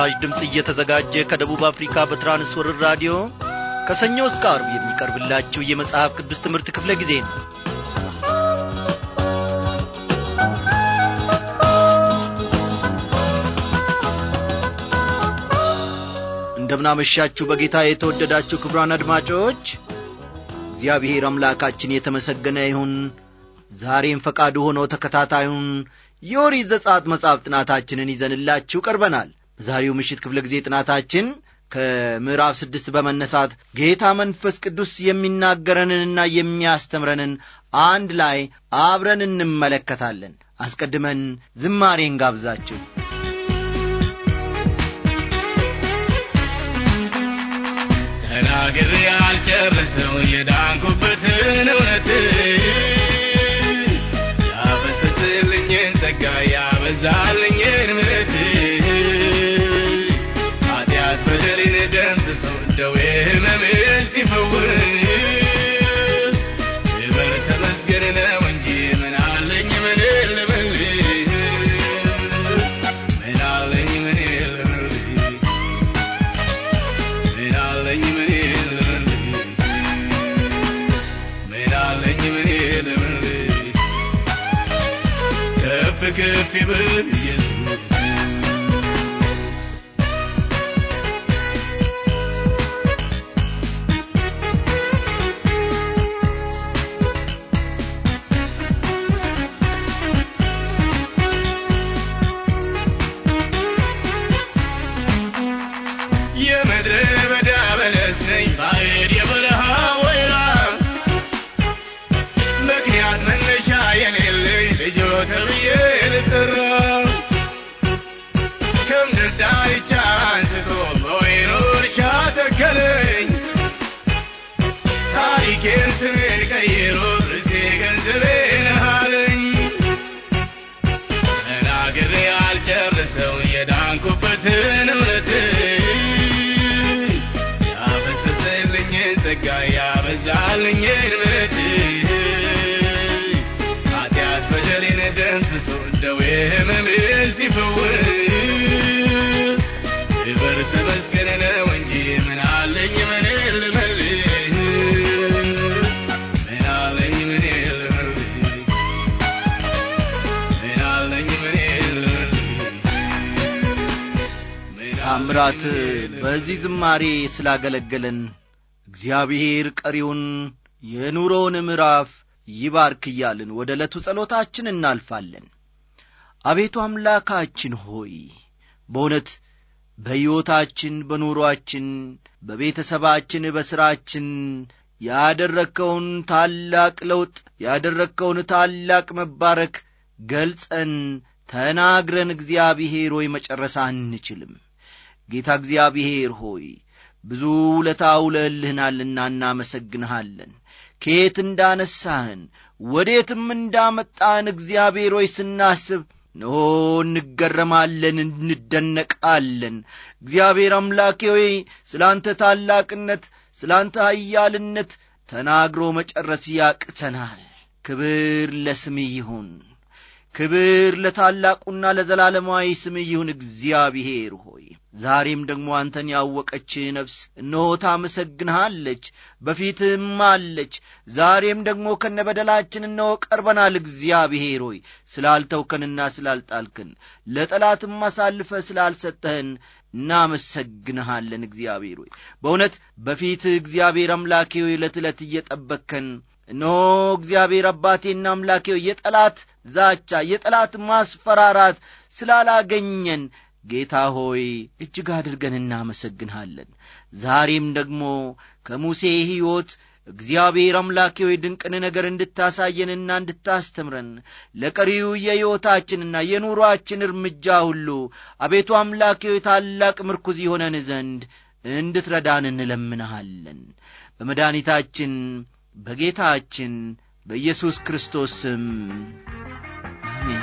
ለምስራች ድምፅ እየተዘጋጀ ከደቡብ አፍሪካ በትራንስወርር ራዲዮ ከሰኞ እስከ አርብ የሚቀርብላችሁ የመጽሐፍ ቅዱስ ትምህርት ክፍለ ጊዜ ነው እንደምናመሻችሁ በጌታ የተወደዳችሁ ክብራን አድማጮች እግዚአብሔር አምላካችን የተመሰገነ ይሁን ዛሬም ፈቃዱ ሆኖ ተከታታዩን የኦሪት ዘጸአት መጽሐፍ ጥናታችንን ይዘንላችሁ ቀርበናል ዛሬው ምሽት ክፍለ ጊዜ ጥናታችን ከምዕራፍ ስድስት በመነሳት ጌታ መንፈስ ቅዱስ የሚናገረንንና የሚያስተምረንን አንድ ላይ አብረን እንመለከታለን። አስቀድመን ዝማሬን ጋብዛችሁ ተናግሬ አልጨርሰው የዳንኩበትን እውነት Türkiye fiber ወራት በዚህ ዝማሬ ስላገለገለን እግዚአብሔር ቀሪውን የኑሮውን ምዕራፍ ይባርክ እያልን ወደ ዕለቱ ጸሎታችን እናልፋለን። አቤቱ አምላካችን ሆይ በእውነት በሕይወታችን፣ በኑሮአችን፣ በቤተሰባችን፣ በሥራችን ያደረግከውን ታላቅ ለውጥ ያደረግከውን ታላቅ መባረክ ገልጸን ተናግረን እግዚአብሔር ሆይ መጨረሳ አንችልም። ጌታ እግዚአብሔር ሆይ ብዙ ውለታ ውለልህናልና እናመሰግንሃለን። ከየት እንዳነሳህን ወዴትም እንዳመጣህን እግዚአብሔር ሆይ ስናስብ ኖ እንገረማለን፣ እንደነቃለን። እግዚአብሔር አምላኬ ሆይ ስለ አንተ ታላቅነት፣ ስለ አንተ ኃያልነት ተናግሮ መጨረስ ያቅተናል። ክብር ለስም ይሁን። ክብር ለታላቁና ለዘላለማዊ ስም ይሁን እግዚአብሔር ሆይ ዛሬም ደግሞ አንተን ያወቀች ነፍስ እነሆ ታመሰግንሃለች፣ በፊትም አለች። ዛሬም ደግሞ ከነ በደላችን እነሆ ቀርበናል። እግዚአብሔር ሆይ ስላልተውከንና ስላልጣልክን ለጠላትም አሳልፈ ስላልሰጠህን እናመሰግንሃለን። እግዚአብሔር ሆይ በእውነት በፊት እግዚአብሔር አምላኬ ዕለት ዕለት እየጠበከን እነሆ እግዚአብሔር አባቴና አምላኬው የጠላት ዛቻ፣ የጠላት ማስፈራራት ስላላገኘን ጌታ ሆይ እጅግ አድርገን እናመሰግንሃለን። ዛሬም ደግሞ ከሙሴ ሕይወት እግዚአብሔር አምላኬ ሆይ ድንቅን ነገር እንድታሳየንና እንድታስተምረን ለቀሪው የሕይወታችንና የኑሮአችን እርምጃ ሁሉ አቤቱ አምላኬ ሆይ ታላቅ ምርኩዝ የሆነን ዘንድ እንድትረዳን እንለምንሃለን በመድኒታችን በጌታችን በኢየሱስ ክርስቶስ ስም አሜን።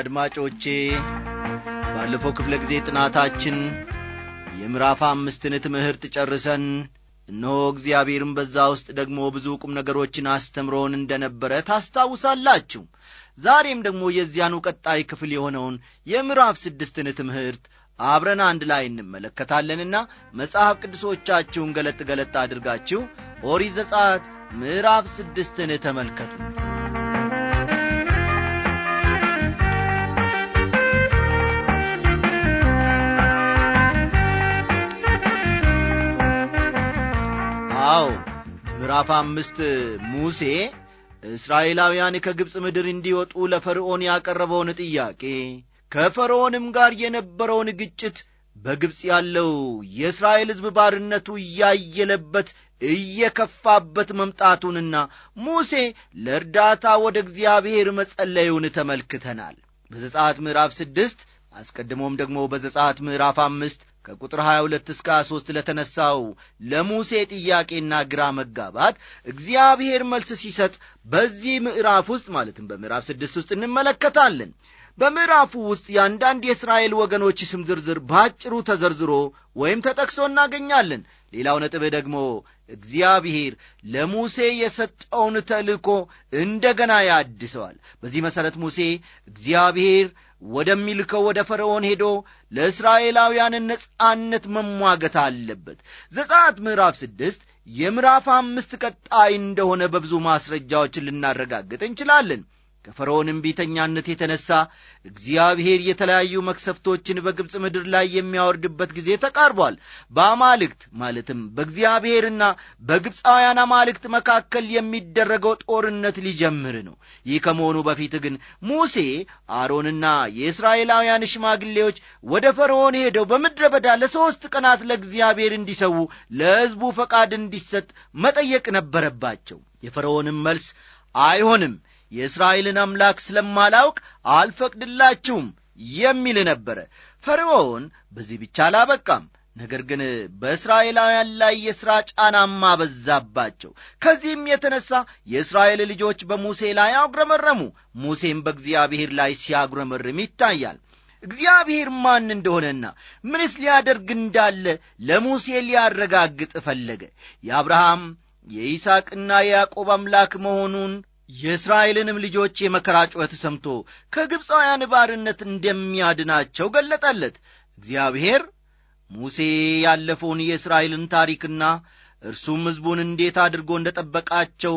አድማጮቼ ባለፈው ክፍለ ጊዜ ጥናታችን የምዕራፍ አምስትን ትምህርት ጨርሰን እነሆ እግዚአብሔርም በዛ ውስጥ ደግሞ ብዙ ቁም ነገሮችን አስተምሮውን እንደ ነበረ ታስታውሳላችሁ ዛሬም ደግሞ የዚያኑ ቀጣይ ክፍል የሆነውን የምዕራፍ ስድስትን ትምህርት አብረን አንድ ላይ እንመለከታለንና መጽሐፍ ቅዱሶቻችሁን ገለጥ ገለጥ አድርጋችሁ ኦሪት ዘጸአት ምዕራፍ ስድስትን ተመልከቱ ምዕራፍ አምስት ሙሴ እስራኤላውያን ከግብፅ ምድር እንዲወጡ ለፈርዖን ያቀረበውን ጥያቄ ከፈርዖንም ጋር የነበረውን ግጭት በግብፅ ያለው የእስራኤል ሕዝብ ባርነቱ እያየለበት እየከፋበት መምጣቱንና ሙሴ ለእርዳታ ወደ እግዚአብሔር መጸለዩን ተመልክተናል። በዘጻት ምዕራፍ ስድስት አስቀድሞም ደግሞ በዘጻት ምዕራፍ አምስት ከቁጥር 22 እስከ 23 ለተነሳው ለሙሴ ጥያቄና ግራ መጋባት እግዚአብሔር መልስ ሲሰጥ በዚህ ምዕራፍ ውስጥ ማለትም በምዕራፍ 6 ውስጥ እንመለከታለን። በምዕራፉ ውስጥ የአንዳንድ የእስራኤል ወገኖች ስም ዝርዝር በአጭሩ ተዘርዝሮ ወይም ተጠቅሶ እናገኛለን። ሌላው ነጥብ ደግሞ እግዚአብሔር ለሙሴ የሰጠውን ተልእኮ እንደገና ያድሰዋል። በዚህ መሠረት ሙሴ እግዚአብሔር ወደሚልከው ወደ ፈርዖን ሄዶ ለእስራኤላውያን ነጻነት መሟገት አለበት። ዘጸአት ምዕራፍ ስድስት የምዕራፍ አምስት ቀጣይ እንደሆነ በብዙ ማስረጃዎች ልናረጋግጥ እንችላለን። ከፈርዖንም እምቢተኛነት የተነሣ እግዚአብሔር የተለያዩ መክሰፍቶችን በግብፅ ምድር ላይ የሚያወርድበት ጊዜ ተቃርቧል። በአማልክት ማለትም በእግዚአብሔርና በግብፃውያን አማልክት መካከል የሚደረገው ጦርነት ሊጀምር ነው። ይህ ከመሆኑ በፊት ግን ሙሴ፣ አሮንና የእስራኤላውያን ሽማግሌዎች ወደ ፈርዖን ሄደው በምድረ በዳ ለሦስት ቀናት ለእግዚአብሔር እንዲሰዉ ለሕዝቡ ፈቃድ እንዲሰጥ መጠየቅ ነበረባቸው። የፈርዖንም መልስ አይሆንም የእስራኤልን አምላክ ስለማላውቅ አልፈቅድላችሁም የሚል ነበረ። ፈርዖን በዚህ ብቻ አላበቃም። ነገር ግን በእስራኤላውያን ላይ የሥራ ጫናማ በዛባቸው። ከዚህም የተነሳ የእስራኤል ልጆች በሙሴ ላይ አጉረመረሙ። ሙሴም በእግዚአብሔር ላይ ሲያጉረመርም ይታያል። እግዚአብሔር ማን እንደሆነና ምንስ ሊያደርግ እንዳለ ለሙሴ ሊያረጋግጥ ፈለገ። የአብርሃም የይስቅና የያዕቆብ አምላክ መሆኑን የእስራኤልንም ልጆች የመከራ ጩኸት ሰምቶ ከግብፃውያን ባርነት እንደሚያድናቸው ገለጠለት። እግዚአብሔር ሙሴ ያለፈውን የእስራኤልን ታሪክና እርሱም ሕዝቡን እንዴት አድርጎ እንደ ጠበቃቸው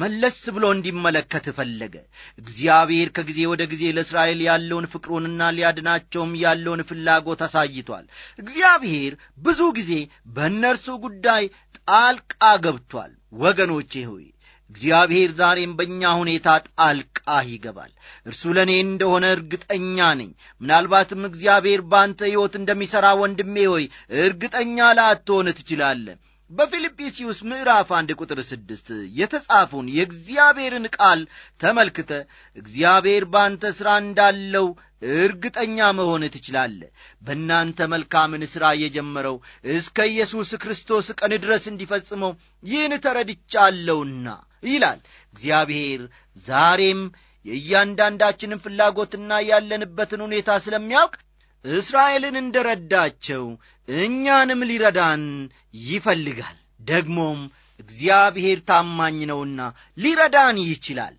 መለስ ብሎ እንዲመለከት ፈለገ። እግዚአብሔር ከጊዜ ወደ ጊዜ ለእስራኤል ያለውን ፍቅሩንና ሊያድናቸውም ያለውን ፍላጎት አሳይቷል። እግዚአብሔር ብዙ ጊዜ በእነርሱ ጉዳይ ጣልቃ ገብቷል። ወገኖቼ ሆይ እግዚአብሔር ዛሬም በእኛ ሁኔታ ጣልቃ ይገባል። እርሱ ለእኔ እንደሆነ እርግጠኛ ነኝ። ምናልባትም እግዚአብሔር በአንተ ሕይወት እንደሚሠራ ወንድሜ ሆይ እርግጠኛ ላትሆን ትችላለህ። በፊልጵስዩስ ምዕራፍ አንድ ቁጥር ስድስት የተጻፈውን የእግዚአብሔርን ቃል ተመልክተ እግዚአብሔር በአንተ ሥራ እንዳለው እርግጠኛ መሆን ትችላለህ። በእናንተ መልካምን ሥራ የጀመረው እስከ ኢየሱስ ክርስቶስ ቀን ድረስ እንዲፈጽመው ይህን ተረድቻለሁና ይላል። እግዚአብሔር ዛሬም የእያንዳንዳችንን ፍላጎትና ያለንበትን ሁኔታ ስለሚያውቅ እስራኤልን እንደ ረዳቸው እኛንም ሊረዳን ይፈልጋል። ደግሞም እግዚአብሔር ታማኝ ነውና ሊረዳን ይችላል።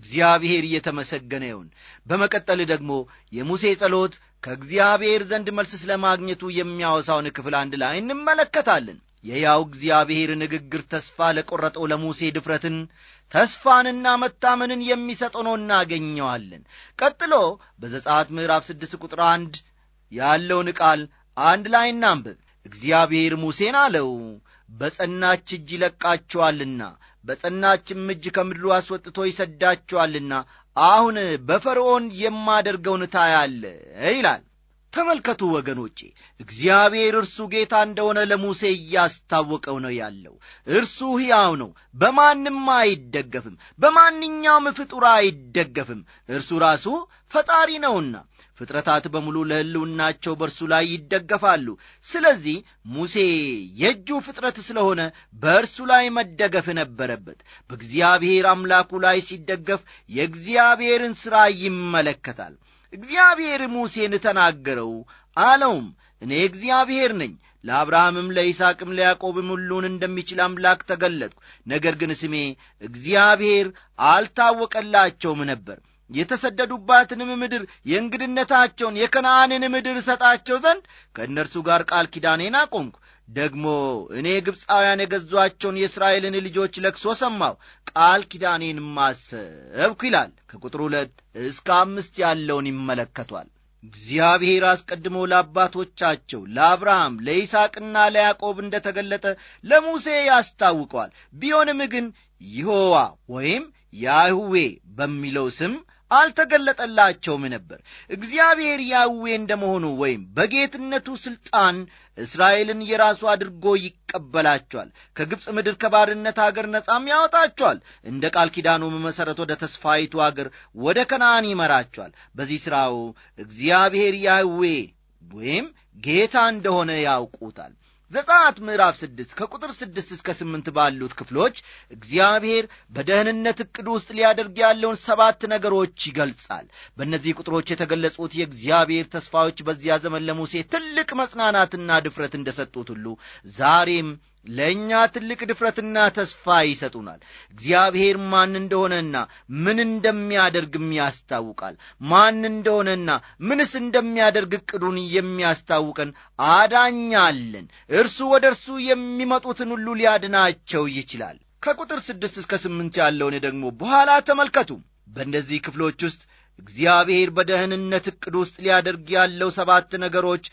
እግዚአብሔር እየተመሰገነ ይሁን። በመቀጠል ደግሞ የሙሴ ጸሎት ከእግዚአብሔር ዘንድ መልስ ስለ ማግኘቱ የሚያወሳውን ክፍል አንድ ላይ እንመለከታለን። የያው እግዚአብሔር ንግግር ተስፋ ለቈረጠው ለሙሴ ድፍረትን ተስፋንና መታመንን የሚሰጥ ሆኖ እናገኘዋለን። ቀጥሎ በዘጻት ምዕራፍ ስድስት ቁጥር አንድ ያለውን ቃል አንድ ላይ እናንብብ። እግዚአብሔር ሙሴን አለው በጸናች እጅ ይለቃችኋልና በጸናችም እጅ ከምድሉ አስወጥቶ ይሰዳችኋልና አሁን በፈርዖን የማደርገውን ታያለ ይላል። ተመልከቱ ወገኖቼ እግዚአብሔር እርሱ ጌታ እንደሆነ ለሙሴ እያስታወቀው ነው ያለው እርሱ ሕያው ነው በማንም አይደገፍም በማንኛውም ፍጡር አይደገፍም እርሱ ራሱ ፈጣሪ ነውና ፍጥረታት በሙሉ ለሕልውናቸው በእርሱ ላይ ይደገፋሉ ስለዚህ ሙሴ የእጁ ፍጥረት ስለሆነ በእርሱ ላይ መደገፍ ነበረበት በእግዚአብሔር አምላኩ ላይ ሲደገፍ የእግዚአብሔርን ሥራ ይመለከታል እግዚአብሔር ሙሴን ተናገረው አለውም እኔ እግዚአብሔር ነኝ ለአብርሃምም ለይስቅም ለያዕቆብም ሁሉን እንደሚችል አምላክ ተገለጥኩ ነገር ግን ስሜ እግዚአብሔር አልታወቀላቸውም ነበር የተሰደዱባትንም ምድር የእንግድነታቸውን የከነአንን ምድር እሰጣቸው ዘንድ ከእነርሱ ጋር ቃል ኪዳኔን አቆምኩ ደግሞ እኔ ግብፃውያን የገዟቸውን የእስራኤልን ልጆች ለቅሶ ሰማሁ፣ ቃል ኪዳኔን ማሰብኩ ይላል። ከቁጥር ሁለት እስከ አምስት ያለውን ይመለከቷል። እግዚአብሔር አስቀድሞ ለአባቶቻቸው ለአብርሃም ለይስቅና ለያዕቆብ እንደ ተገለጠ ለሙሴ ያስታውቀዋል። ቢሆንም ግን ይሆዋ ወይም ያህዌ በሚለው ስም አልተገለጠላቸውም ነበር። እግዚአብሔር ያዌ እንደመሆኑ ወይም በጌትነቱ ሥልጣን እስራኤልን የራሱ አድርጎ ይቀበላቸዋል። ከግብፅ ምድር ከባርነት አገር ነጻም ያወጣቸዋል። እንደ ቃል ኪዳኑም መሠረት ወደ ተስፋይቱ አገር ወደ ከነአን ይመራቸዋል። በዚህ ሥራው እግዚአብሔር ያዌ ወይም ጌታ እንደሆነ ያውቁታል። ዘጸአት ምዕራፍ ስድስት ከቁጥር ስድስት እስከ ስምንት ባሉት ክፍሎች እግዚአብሔር በደህንነት ዕቅድ ውስጥ ሊያደርግ ያለውን ሰባት ነገሮች ይገልጻል። በእነዚህ ቁጥሮች የተገለጹት የእግዚአብሔር ተስፋዎች በዚያ ዘመን ለሙሴ ትልቅ መጽናናትና ድፍረት እንደሰጡት ሁሉ ዛሬም ለእኛ ትልቅ ድፍረትና ተስፋ ይሰጡናል። እግዚአብሔር ማን እንደሆነና ምን እንደሚያደርግም ያስታውቃል። ማን እንደሆነና ምንስ እንደሚያደርግ እቅዱን የሚያስታውቀን አዳኛለን። እርሱ ወደ እርሱ የሚመጡትን ሁሉ ሊያድናቸው ይችላል። ከቁጥር ስድስት እስከ ስምንት ያለውን ደግሞ በኋላ ተመልከቱ። በእነዚህ ክፍሎች ውስጥ እግዚአብሔር በደህንነት ዕቅድ ውስጥ ሊያደርግ ያለው ሰባት ነገሮች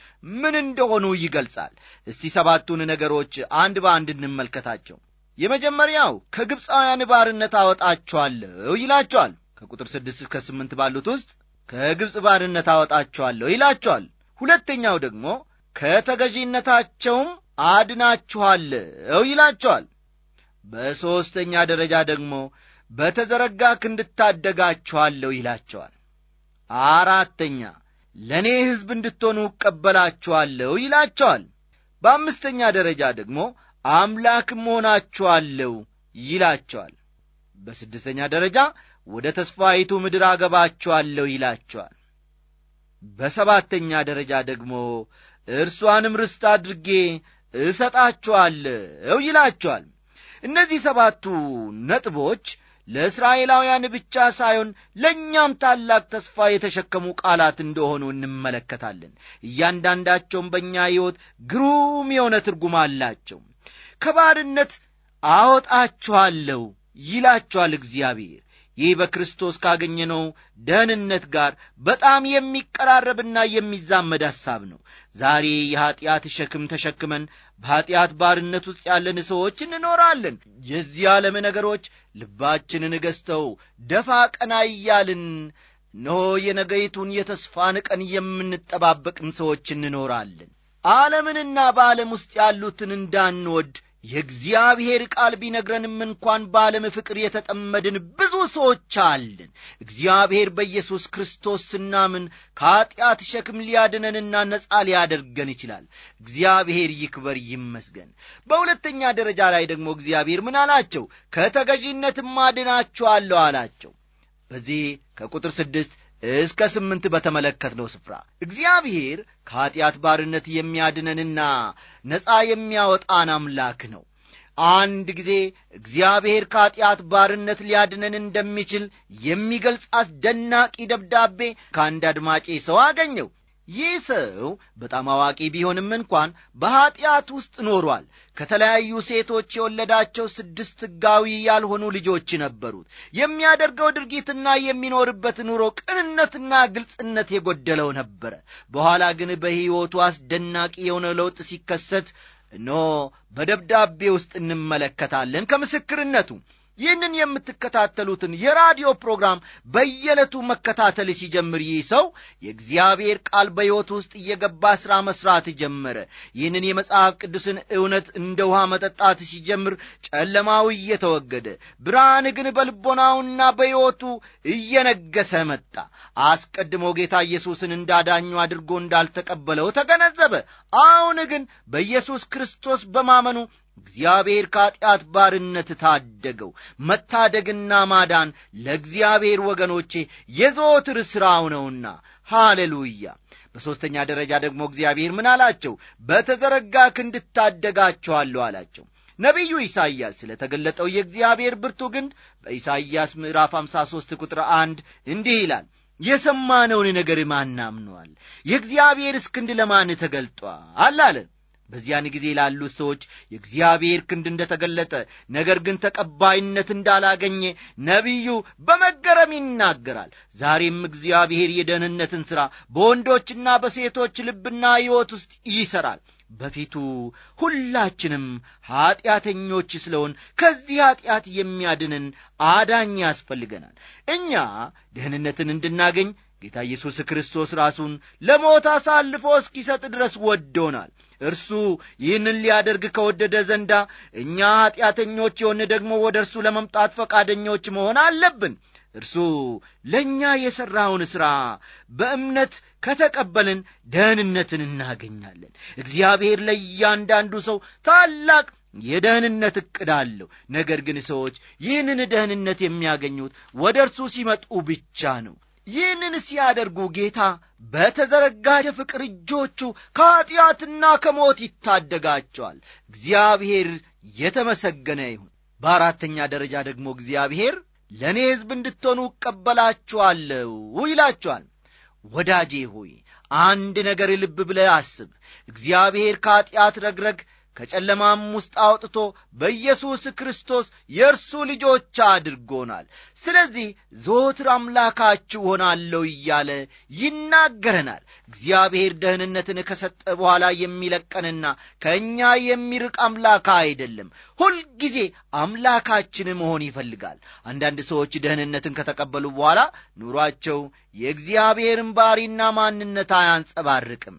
ምን እንደሆኑ ይገልጻል። እስቲ ሰባቱን ነገሮች አንድ በአንድ እንመልከታቸው። የመጀመሪያው ከግብፃውያን ባርነት አወጣችኋለሁ ይላቸዋል። ከቁጥር ስድስት እስከ ስምንት ባሉት ውስጥ ከግብፅ ባርነት አወጣችኋለሁ ይላቸዋል። ሁለተኛው ደግሞ ከተገዢነታቸውም አድናችኋለሁ ይላቸዋል። በሦስተኛ ደረጃ ደግሞ በተዘረጋ ክንድ ይላቸዋል። አራተኛ ለእኔ ሕዝብ እንድትሆኑ እቀበላችኋለሁ ይላቸዋል። በአምስተኛ ደረጃ ደግሞ አምላክም መሆናችኋለሁ ይላቸዋል። በስድስተኛ ደረጃ ወደ ተስፋዪቱ ምድር አገባችኋለሁ ይላቸዋል። በሰባተኛ ደረጃ ደግሞ እርሷንም ርስት አድርጌ እሰጣችኋለሁ ይላቸዋል። እነዚህ ሰባቱ ነጥቦች ለእስራኤላውያን ብቻ ሳይሆን ለእኛም ታላቅ ተስፋ የተሸከሙ ቃላት እንደሆኑ እንመለከታለን። እያንዳንዳቸውም በእኛ ሕይወት ግሩም የሆነ ትርጉም አላቸው። ከባርነት አወጣችኋለሁ ይላችኋል እግዚአብሔር። ይህ በክርስቶስ ካገኘነው ደህንነት ጋር በጣም የሚቀራረብና የሚዛመድ ሐሳብ ነው። ዛሬ የኀጢአት ሸክም ተሸክመን በኀጢአት ባርነት ውስጥ ያለን ሰዎች እንኖራለን። የዚህ ዓለም ነገሮች ልባችንን ገዝተው ደፋ ቀና እያልን እነሆ የነገይቱን የተስፋን ቀን የምንጠባበቅም ሰዎች እንኖራለን። ዓለምንና በዓለም ውስጥ ያሉትን እንዳንወድ የእግዚአብሔር ቃል ቢነግረንም እንኳን በዓለም ፍቅር የተጠመድን ብዙ ሰዎች አለን። እግዚአብሔር በኢየሱስ ክርስቶስ ስናምን ከኀጢአት ሸክም ሊያድነንና ነፃ ሊያደርገን ይችላል። እግዚአብሔር ይክበር ይመስገን። በሁለተኛ ደረጃ ላይ ደግሞ እግዚአብሔር ምን አላቸው? ከተገዥነትም አድናችኋለሁ አላቸው። በዚህ ከቁጥር ስድስት እስከ ስምንት በተመለከትነው ስፍራ እግዚአብሔር ከኀጢአት ባርነት የሚያድነንና ነፃ የሚያወጣን አምላክ ነው። አንድ ጊዜ እግዚአብሔር ከኀጢአት ባርነት ሊያድነን እንደሚችል የሚገልጽ አስደናቂ ደብዳቤ ከአንድ አድማጬ ሰው አገኘው። ይህ ሰው በጣም አዋቂ ቢሆንም እንኳን በኀጢአት ውስጥ ኖሯል። ከተለያዩ ሴቶች የወለዳቸው ስድስት ሕጋዊ ያልሆኑ ልጆች ነበሩት። የሚያደርገው ድርጊትና የሚኖርበት ኑሮ ቅንነትና ግልጽነት የጎደለው ነበረ። በኋላ ግን በሕይወቱ አስደናቂ የሆነ ለውጥ ሲከሰት እኖ በደብዳቤ ውስጥ እንመለከታለን። ከምስክርነቱ ይህንን የምትከታተሉትን የራዲዮ ፕሮግራም በየዕለቱ መከታተል ሲጀምር ይህ ሰው የእግዚአብሔር ቃል በሕይወት ውስጥ እየገባ ሥራ መሥራት ጀመረ። ይህንን የመጽሐፍ ቅዱስን እውነት እንደ ውሃ መጠጣት ሲጀምር ጨለማው እየተወገደ፣ ብርሃን ግን በልቦናውና በሕይወቱ እየነገሰ መጣ። አስቀድሞ ጌታ ኢየሱስን እንዳዳኙ አድርጎ እንዳልተቀበለው ተገነዘበ። አሁን ግን በኢየሱስ ክርስቶስ በማመኑ እግዚአብሔር ከኀጢአት ባርነት ታደገው። መታደግና ማዳን ለእግዚአብሔር ወገኖቼ የዘወትር ሥራው ነውና፣ ሃሌሉያ። በሦስተኛ ደረጃ ደግሞ እግዚአብሔር ምን አላቸው? በተዘረጋ ክንድ እታደጋችኋለሁ አላቸው። ነቢዩ ኢሳይያስ ስለ ተገለጠው የእግዚአብሔር ብርቱ ግንድ በኢሳይያስ ምዕራፍ 53 ቁጥር 1 እንዲህ ይላል የሰማነውን ነገር ማን አምኗል? የእግዚአብሔር እስክንድ ለማን ተገልጧል አለ በዚያን ጊዜ ላሉት ሰዎች የእግዚአብሔር ክንድ እንደተገለጠ ነገር ግን ተቀባይነት እንዳላገኘ ነቢዩ በመገረም ይናገራል። ዛሬም እግዚአብሔር የደህንነትን ሥራ በወንዶችና በሴቶች ልብና ሕይወት ውስጥ ይሠራል። በፊቱ ሁላችንም ኀጢአተኞች ስለሆን ከዚህ ኀጢአት የሚያድንን አዳኝ ያስፈልገናል። እኛ ደህንነትን እንድናገኝ ጌታ ኢየሱስ ክርስቶስ ራሱን ለሞት አሳልፎ እስኪሰጥ ድረስ ወዶናል። እርሱ ይህንን ሊያደርግ ከወደደ ዘንዳ እኛ ኀጢአተኞች የሆን ደግሞ ወደ እርሱ ለመምጣት ፈቃደኞች መሆን አለብን። እርሱ ለእኛ የሠራውን ሥራ በእምነት ከተቀበልን ደህንነትን እናገኛለን። እግዚአብሔር ለእያንዳንዱ ሰው ታላቅ የደህንነት እቅድ አለው። ነገር ግን ሰዎች ይህንን ደህንነት የሚያገኙት ወደ እርሱ ሲመጡ ብቻ ነው። ይህንን ሲያደርጉ ጌታ በተዘረጋ የፍቅር እጆቹ ከኀጢአትና ከሞት ይታደጋቸዋል። እግዚአብሔር የተመሰገነ ይሁን። በአራተኛ ደረጃ ደግሞ እግዚአብሔር ለእኔ ሕዝብ እንድትሆኑ እቀበላችኋለሁ ይላችኋል። ወዳጄ ሆይ አንድ ነገር ልብ ብለ አስብ። እግዚአብሔር ከኀጢአት ረግረግ ከጨለማም ውስጥ አውጥቶ በኢየሱስ ክርስቶስ የእርሱ ልጆች አድርጎናል። ስለዚህ ዘወትር አምላካችሁ ሆናለሁ እያለ ይናገረናል። እግዚአብሔር ደህንነትን ከሰጠ በኋላ የሚለቀንና ከእኛ የሚርቅ አምላክ አይደለም። ሁልጊዜ አምላካችን መሆን ይፈልጋል። አንዳንድ ሰዎች ደህንነትን ከተቀበሉ በኋላ ኑሯቸው የእግዚአብሔርን ባሪና ማንነት አያንጸባርቅም።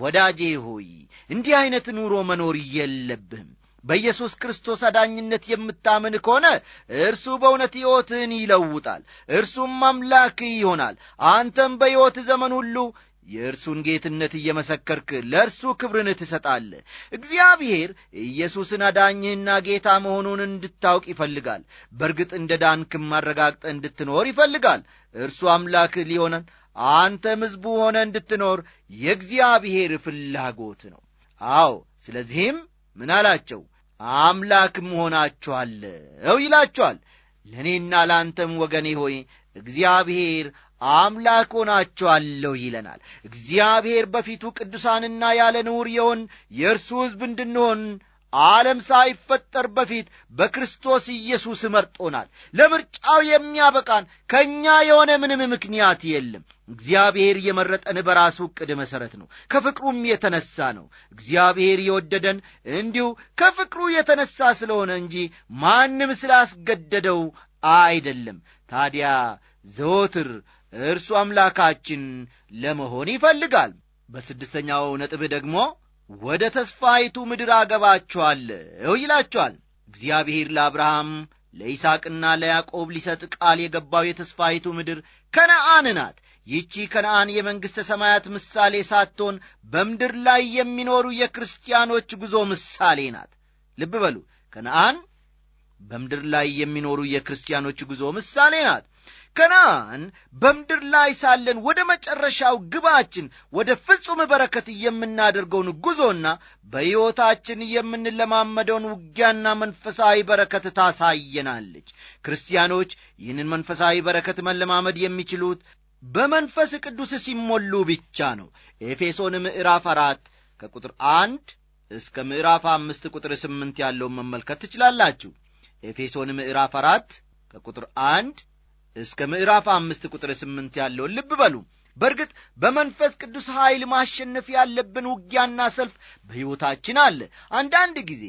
ወዳጄ ሆይ እንዲህ ዐይነት ኑሮ መኖር የለብህም። በኢየሱስ ክርስቶስ አዳኝነት የምታምን ከሆነ እርሱ በእውነት ሕይወትህን ይለውጣል። እርሱም አምላክ ይሆናል። አንተም በሕይወት ዘመን ሁሉ የእርሱን ጌትነት እየመሰከርክ ለእርሱ ክብርን ትሰጣለ እግዚአብሔር ኢየሱስን አዳኝህና ጌታ መሆኑን እንድታውቅ ይፈልጋል። በርግጥ እንደ ዳንክም ማረጋግጠ እንድትኖር ይፈልጋል። እርሱ አምላክ ሊሆነን አንተም ሕዝቡ ሆነ እንድትኖር የእግዚአብሔር ፍላጎት ነው። አዎ ስለዚህም ምን አላቸው? አምላክም ሆናችኋለሁ ይላችኋል። ለእኔና ለአንተም ወገኔ ሆይ እግዚአብሔር አምላክ ሆናችኋለሁ ይለናል። እግዚአብሔር በፊቱ ቅዱሳንና ያለ ንውር የሆን የእርሱ ሕዝብ እንድንሆን ዓለም ሳይፈጠር በፊት በክርስቶስ ኢየሱስ መርጦናል። ለምርጫው የሚያበቃን ከእኛ የሆነ ምንም ምክንያት የለም። እግዚአብሔር የመረጠን በራሱ ዕቅድ መሠረት ነው። ከፍቅሩም የተነሣ ነው። እግዚአብሔር የወደደን እንዲሁ ከፍቅሩ የተነሣ ስለሆነ እንጂ ማንም ስላስገደደው አይደለም። ታዲያ ዘወትር እርሱ አምላካችን ለመሆን ይፈልጋል። በስድስተኛው ነጥብ ደግሞ ወደ ተስፋይቱ ምድር አገባችኋለሁ ይላችኋል። እግዚአብሔር ለአብርሃም ለይስቅና ለያዕቆብ ሊሰጥ ቃል የገባው የተስፋይቱ ምድር ከነአን ናት። ይቺ ከነአን የመንግሥተ ሰማያት ምሳሌ ሳትሆን በምድር ላይ የሚኖሩ የክርስቲያኖች ጉዞ ምሳሌ ናት። ልብ በሉ፣ ከነአን በምድር ላይ የሚኖሩ የክርስቲያኖች ጉዞ ምሳሌ ናት። ከነአን በምድር ላይ ሳለን ወደ መጨረሻው ግባችን ወደ ፍጹም በረከት የምናደርገውን ጉዞና በሕይወታችን የምንለማመደውን ውጊያና መንፈሳዊ በረከት ታሳየናለች። ክርስቲያኖች ይህንን መንፈሳዊ በረከት መለማመድ የሚችሉት በመንፈስ ቅዱስ ሲሞሉ ብቻ ነው። ኤፌሶን ምዕራፍ አራት ከቁጥር አንድ እስከ ምዕራፍ አምስት ቁጥር ስምንት ያለውን መመልከት ትችላላችሁ። ኤፌሶን ምዕራፍ አራት ከቁጥር አንድ እስከ ምዕራፍ አምስት ቁጥር ስምንት ያለውን ልብ በሉ። በእርግጥ በመንፈስ ቅዱስ ኃይል ማሸነፍ ያለብን ውጊያና ሰልፍ በሕይወታችን አለ። አንዳንድ ጊዜ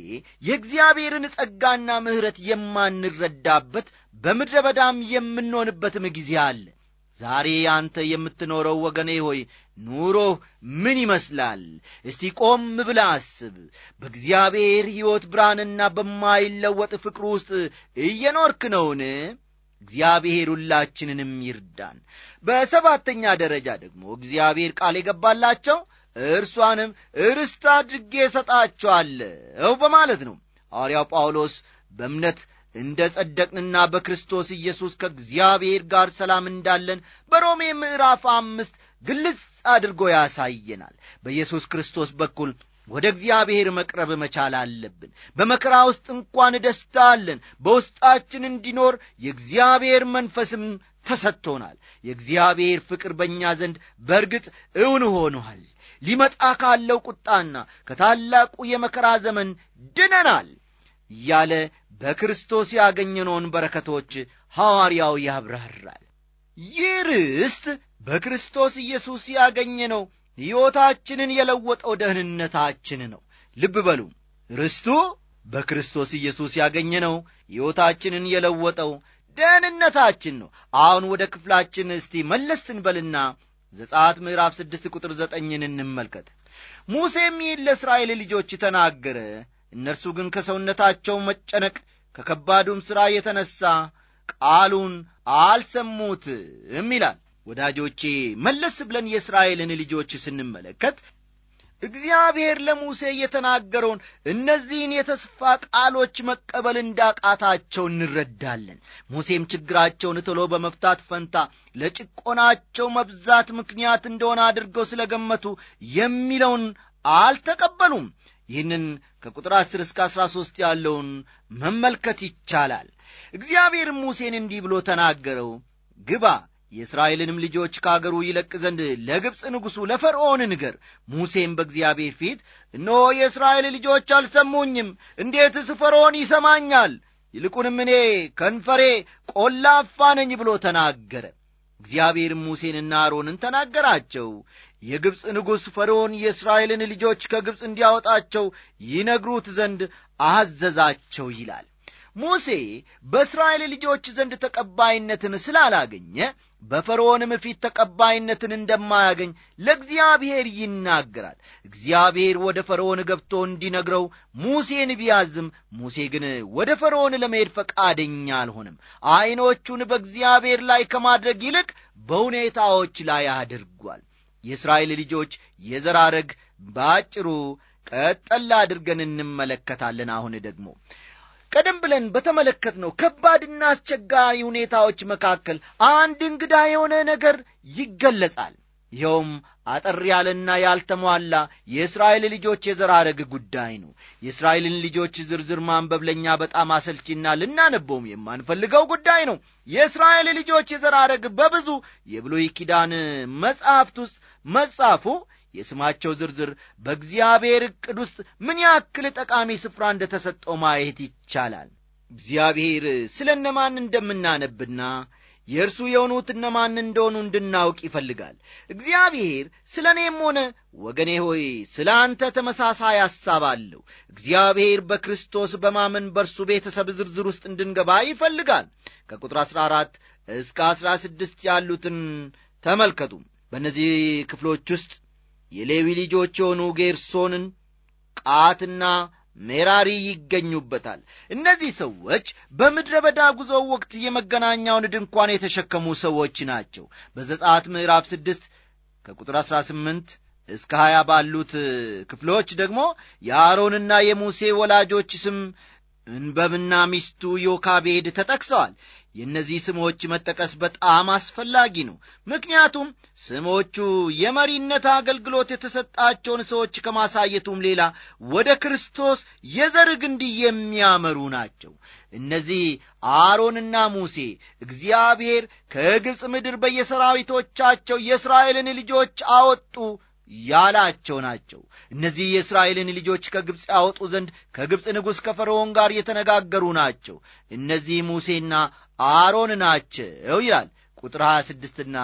የእግዚአብሔርን ጸጋና ምሕረት የማንረዳበት በምድረ በዳም የምንሆንበትም ጊዜ አለ። ዛሬ አንተ የምትኖረው ወገኔ ሆይ ኑሮህ ምን ይመስላል? እስቲ ቆም ብለ አስብ። በእግዚአብሔር ሕይወት ብርሃንና በማይለወጥ ፍቅር ውስጥ እየኖርክ ነውን? እግዚአብሔር ሁላችንንም ይርዳን። በሰባተኛ ደረጃ ደግሞ እግዚአብሔር ቃል የገባላቸው እርሷንም ርስት አድርጌ ሰጣችኋለሁ በማለት ነው። ሐዋርያው ጳውሎስ በእምነት እንደ ጸደቅንና በክርስቶስ ኢየሱስ ከእግዚአብሔር ጋር ሰላም እንዳለን በሮሜ ምዕራፍ አምስት ግልጽ አድርጎ ያሳየናል። በኢየሱስ ክርስቶስ በኩል ወደ እግዚአብሔር መቅረብ መቻል አለብን። በመከራ ውስጥ እንኳን ደስታ አለን። በውስጣችን እንዲኖር የእግዚአብሔር መንፈስም ተሰጥቶናል። የእግዚአብሔር ፍቅር በእኛ ዘንድ በእርግጥ እውን ሆኗል። ሊመጣ ካለው ቁጣና ከታላቁ የመከራ ዘመን ድነናል እያለ በክርስቶስ ያገኘነውን በረከቶች ሐዋርያው ያብራራል። ይህ ርስት በክርስቶስ ኢየሱስ ያገኘነው ሕይወታችንን የለወጠው ደህንነታችን ነው። ልብ በሉ ርስቱ በክርስቶስ ኢየሱስ ያገኘነው ሕይወታችንን የለወጠው ደህንነታችን ነው። አሁን ወደ ክፍላችን እስቲ መለስ እንበልና ዘጸአት ምዕራፍ ስድስት ቁጥር ዘጠኝን እንመልከት። ሙሴም ይህን ለእስራኤል ልጆች ተናገረ። እነርሱ ግን ከሰውነታቸው መጨነቅ ከከባዱም ሥራ የተነሣ ቃሉን አልሰሙትም ይላል። ወዳጆቼ መለስ ብለን የእስራኤልን ልጆች ስንመለከት እግዚአብሔር ለሙሴ የተናገረውን እነዚህን የተስፋ ቃሎች መቀበል እንዳቃታቸው እንረዳለን። ሙሴም ችግራቸውን ቶሎ በመፍታት ፈንታ ለጭቆናቸው መብዛት ምክንያት እንደሆነ አድርገው ስለ ገመቱ የሚለውን አልተቀበሉም። ይህንን ከቁጥር 10 እስከ 13 ያለውን መመልከት ይቻላል። እግዚአብሔር ሙሴን እንዲህ ብሎ ተናገረው፣ ግባ የእስራኤልንም ልጆች ከአገሩ ይለቅ ዘንድ ለግብፅ ንጉሡ ለፈርዖን ንገር። ሙሴም በእግዚአብሔር ፊት እነሆ የእስራኤል ልጆች አልሰሙኝም፣ እንዴትስ ፈርዖን ይሰማኛል? ይልቁንም እኔ ከንፈሬ ቆላፋ ነኝ ብሎ ተናገረ። እግዚአብሔርም ሙሴንና አሮንን ተናገራቸው። የግብፅ ንጉሥ ፈርዖን የእስራኤልን ልጆች ከግብፅ እንዲያወጣቸው ይነግሩት ዘንድ አዘዛቸው ይላል። ሙሴ በእስራኤል ልጆች ዘንድ ተቀባይነትን ስላላገኘ በፈርዖንም ፊት ተቀባይነትን እንደማያገኝ ለእግዚአብሔር ይናገራል። እግዚአብሔር ወደ ፈርዖን ገብቶ እንዲነግረው ሙሴን ቢያዝም ሙሴ ግን ወደ ፈርዖን ለመሄድ ፈቃደኛ አልሆነም። ዐይኖቹን በእግዚአብሔር ላይ ከማድረግ ይልቅ በሁኔታዎች ላይ አድርጓል። የእስራኤል ልጆች የዘራረግ በአጭሩ ቀጠላ አድርገን እንመለከታለን። አሁን ደግሞ ቀደም ብለን በተመለከትነው ከባድና አስቸጋሪ ሁኔታዎች መካከል አንድ እንግዳ የሆነ ነገር ይገለጻል። ይኸውም አጠር ያለና ያልተሟላ የእስራኤል ልጆች የዘራረግ ጉዳይ ነው። የእስራኤልን ልጆች ዝርዝር ማንበብ ለእኛ በጣም አሰልቺና ልናነበውም የማንፈልገው ጉዳይ ነው። የእስራኤል ልጆች የዘራረግ በብዙ የብሉይ ኪዳን መጽሐፍት ውስጥ መጻፉ የስማቸው ዝርዝር በእግዚአብሔር ዕቅድ ውስጥ ምን ያክል ጠቃሚ ስፍራ እንደ ተሰጠው ማየት ይቻላል። እግዚአብሔር ስለ እነማን እንደምናነብና የእርሱ የሆኑት እነማን እንደሆኑ እንድናውቅ ይፈልጋል። እግዚአብሔር ስለ እኔም ሆነ ወገኔ ሆይ ስለ አንተ ተመሳሳይ ሐሳብ አለው። እግዚአብሔር በክርስቶስ በማመን በእርሱ ቤተሰብ ዝርዝር ውስጥ እንድንገባ ይፈልጋል። ከቁጥር 14 እስከ 16 ያሉትን ተመልከቱ። በእነዚህ ክፍሎች ውስጥ የሌዊ ልጆች የሆኑ ጌርሶንን፣ ቃትና ሜራሪ ይገኙበታል። እነዚህ ሰዎች በምድረ በዳ ጉዞው ወቅት የመገናኛውን ድንኳን የተሸከሙ ሰዎች ናቸው። በዘጻት ምዕራፍ ስድስት ከቁጥር 18 እስከ ሀያ ባሉት ክፍሎች ደግሞ የአሮንና የሙሴ ወላጆች ስም እንበብና ሚስቱ ዮካቤድ ተጠቅሰዋል። የእነዚህ ስሞች መጠቀስ በጣም አስፈላጊ ነው። ምክንያቱም ስሞቹ የመሪነት አገልግሎት የተሰጣቸውን ሰዎች ከማሳየቱም ሌላ ወደ ክርስቶስ የዘር ግንድ የሚያመሩ ናቸው። እነዚህ አሮንና ሙሴ እግዚአብሔር ከግብፅ ምድር በየሰራዊቶቻቸው የእስራኤልን ልጆች አወጡ ያላቸው ናቸው። እነዚህ የእስራኤልን ልጆች ከግብፅ ያወጡ ዘንድ ከግብፅ ንጉሥ ከፈርዖን ጋር የተነጋገሩ ናቸው። እነዚህ ሙሴና አሮን ናቸው ይላል ቁጥር 26ና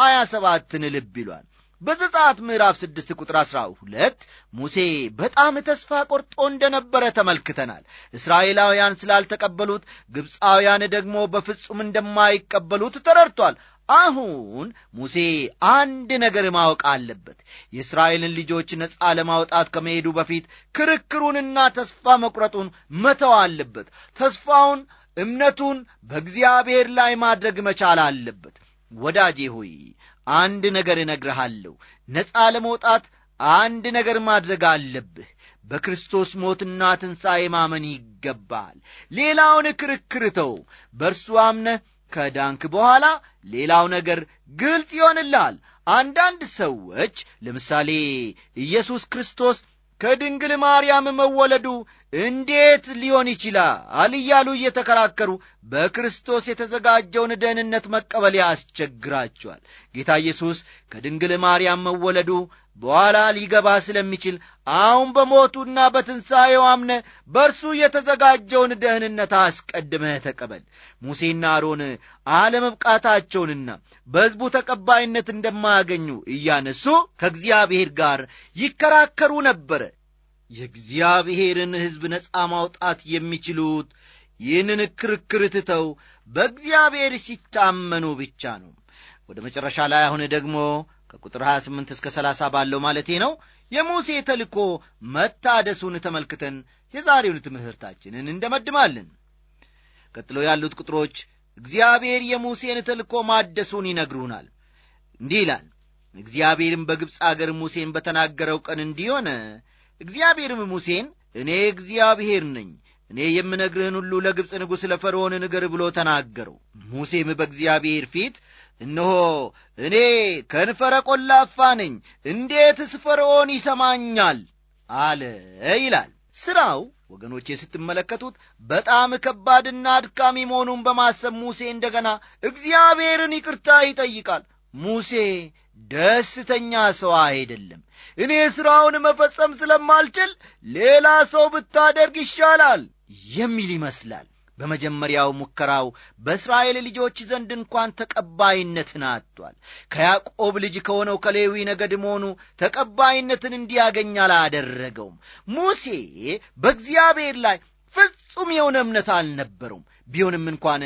27ን ልብ ይሏል። በዘጻት ምዕራፍ ስድስት ቁጥር 12 ሙሴ በጣም ተስፋ ቆርጦ እንደነበረ ተመልክተናል። እስራኤላውያን ስላልተቀበሉት፣ ግብፃውያን ደግሞ በፍጹም እንደማይቀበሉት ተረድቷል። አሁን ሙሴ አንድ ነገር ማወቅ አለበት። የእስራኤልን ልጆች ነፃ ለማውጣት ከመሄዱ በፊት ክርክሩንና ተስፋ መቁረጡን መተው አለበት። ተስፋውን፣ እምነቱን በእግዚአብሔር ላይ ማድረግ መቻል አለበት። ወዳጄ ሆይ አንድ ነገር እነግርሃለሁ። ነፃ ለመውጣት አንድ ነገር ማድረግ አለብህ። በክርስቶስ ሞትና ትንሣኤ ማመን ይገባል። ሌላውን ክርክርተው በእርሱ አምነ ከዳንክ በኋላ ሌላው ነገር ግልጽ ይሆንልሃል። አንዳንድ ሰዎች ለምሳሌ ኢየሱስ ክርስቶስ ከድንግል ማርያም መወለዱ እንዴት ሊሆን ይችላል እያሉ እየተከራከሩ በክርስቶስ የተዘጋጀውን ደህንነት መቀበል ያስቸግራቸዋል ጌታ ኢየሱስ ከድንግል ማርያም መወለዱ በኋላ ሊገባ ስለሚችል አሁን በሞቱና በትንሣኤው አምነ በእርሱ የተዘጋጀውን ደህንነት አስቀድመህ ተቀበል። ሙሴና አሮን አለመብቃታቸውንና በሕዝቡ ተቀባይነት እንደማያገኙ እያነሱ ከእግዚአብሔር ጋር ይከራከሩ ነበረ። የእግዚአብሔርን ሕዝብ ነፃ ማውጣት የሚችሉት ይህንን ክርክር ትተው በእግዚአብሔር ሲታመኑ ብቻ ነው። ወደ መጨረሻ ላይ አሁን ደግሞ ከቁጥር 28 እስከ 30 ባለው ማለቴ ነው የሙሴ ተልኮ መታደሱን ተመልክተን የዛሬውን ትምህርታችንን እንደመድማለን። ቀጥሎ ያሉት ቁጥሮች እግዚአብሔር የሙሴን ተልኮ ማደሱን ይነግሩናል። እንዲህ ይላል፣ እግዚአብሔርም በግብፅ አገር ሙሴን በተናገረው ቀን እንዲሆነ እግዚአብሔርም ሙሴን እኔ እግዚአብሔር ነኝ፣ እኔ የምነግርህን ሁሉ ለግብፅ ንጉሥ ለፈርዖን ንገር ብሎ ተናገረው። ሙሴም በእግዚአብሔር ፊት እነሆ እኔ ከንፈረ ቈላፋ ነኝ እንዴትስ ፈርዖን ይሰማኛል አለ ይላል ሥራው ወገኖቼ ስትመለከቱት በጣም ከባድና አድካሚ መሆኑን በማሰብ ሙሴ እንደገና እግዚአብሔርን ይቅርታ ይጠይቃል ሙሴ ደስተኛ ሰው አይደለም እኔ ሥራውን መፈጸም ስለማልችል ሌላ ሰው ብታደርግ ይሻላል የሚል ይመስላል በመጀመሪያው ሙከራው በእስራኤል ልጆች ዘንድ እንኳን ተቀባይነትን አጥቷል። ከያዕቆብ ልጅ ከሆነው ከሌዊ ነገድ መሆኑ ተቀባይነትን እንዲያገኝ አላደረገውም። ሙሴ በእግዚአብሔር ላይ ፍጹም የሆነ እምነት አልነበሩም። ቢሆንም እንኳን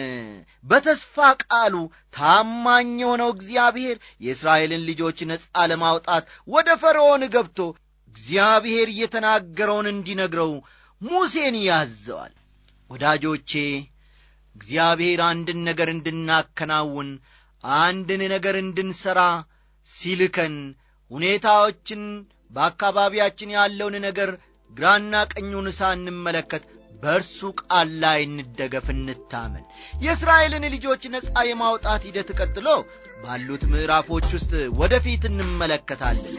በተስፋ ቃሉ ታማኝ የሆነው እግዚአብሔር የእስራኤልን ልጆች ነፃ ለማውጣት ወደ ፈርዖን ገብቶ እግዚአብሔር እየተናገረውን እንዲነግረው ሙሴን ያዘዋል። ወዳጆቼ እግዚአብሔር አንድን ነገር እንድናከናውን አንድን ነገር እንድንሠራ ሲልከን ሁኔታዎችን በአካባቢያችን ያለውን ነገር ግራና ቀኙን ሳንመለከት በእርሱ ቃል ላይ እንደገፍ እንታመን። የእስራኤልን ልጆች ነፃ የማውጣት ሂደት ቀጥሎ ባሉት ምዕራፎች ውስጥ ወደፊት እንመለከታለን።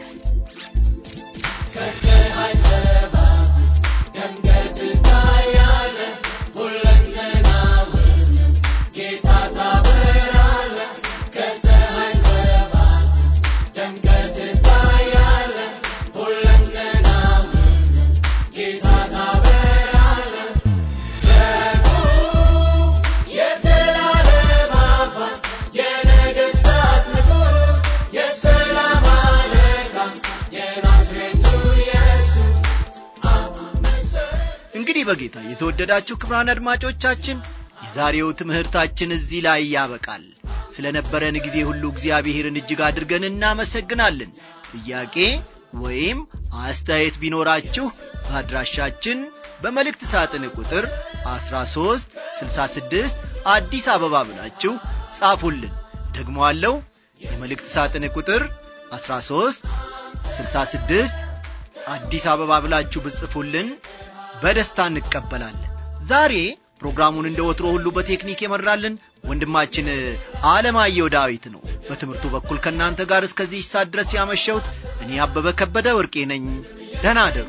በጌታ የተወደዳችሁ ክብራን አድማጮቻችን የዛሬው ትምህርታችን እዚህ ላይ ያበቃል ስለ ነበረን ጊዜ ሁሉ እግዚአብሔርን እጅግ አድርገን እናመሰግናለን ጥያቄ ወይም አስተያየት ቢኖራችሁ በአድራሻችን በመልእክት ሳጥን ቁጥር 13 66 አዲስ አበባ ብላችሁ ጻፉልን ደግሞ አለው የመልእክት ሳጥን ቁጥር 13 66 አዲስ አበባ ብላችሁ ብጽፉልን በደስታ እንቀበላለን። ዛሬ ፕሮግራሙን እንደ ወትሮ ሁሉ በቴክኒክ የመራልን ወንድማችን አለማየሁ ዳዊት ነው። በትምህርቱ በኩል ከእናንተ ጋር እስከዚህ ሰዓት ድረስ ያመሸሁት እኔ አበበ ከበደ ወርቄ ነኝ። ደህና አደሩ።